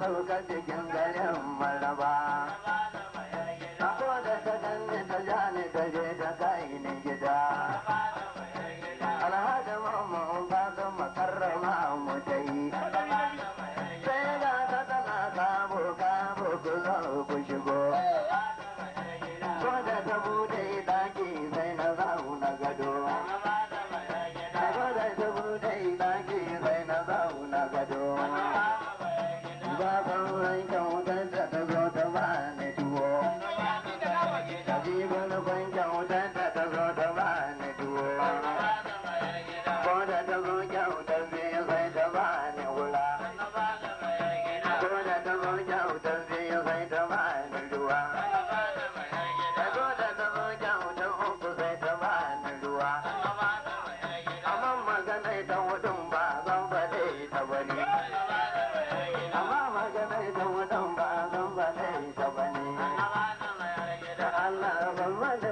sauka cikin garin maraba ako da ta ganni ta jani ta je ta kai ni gida alhaji mamman ba su makarrama mu ta yi sai ga ta tana ta kabo ku ku shigo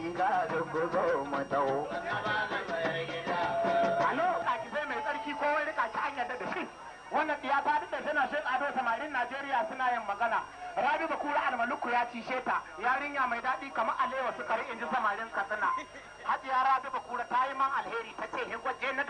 riga da guzo matau. A loka ki mai tsarki ko wani rika an yarda da shi. Wannan ya faɗi da tana shi tsado, samarin Najeriya suna yin magana. Rabi Bakura Almaluku ya cishe ta yarinya mai daɗi kamar alewa sukari in ji samarin Katsina. Hajiya Rabi Bakura ta yi man alheri ta ce hin gwaje na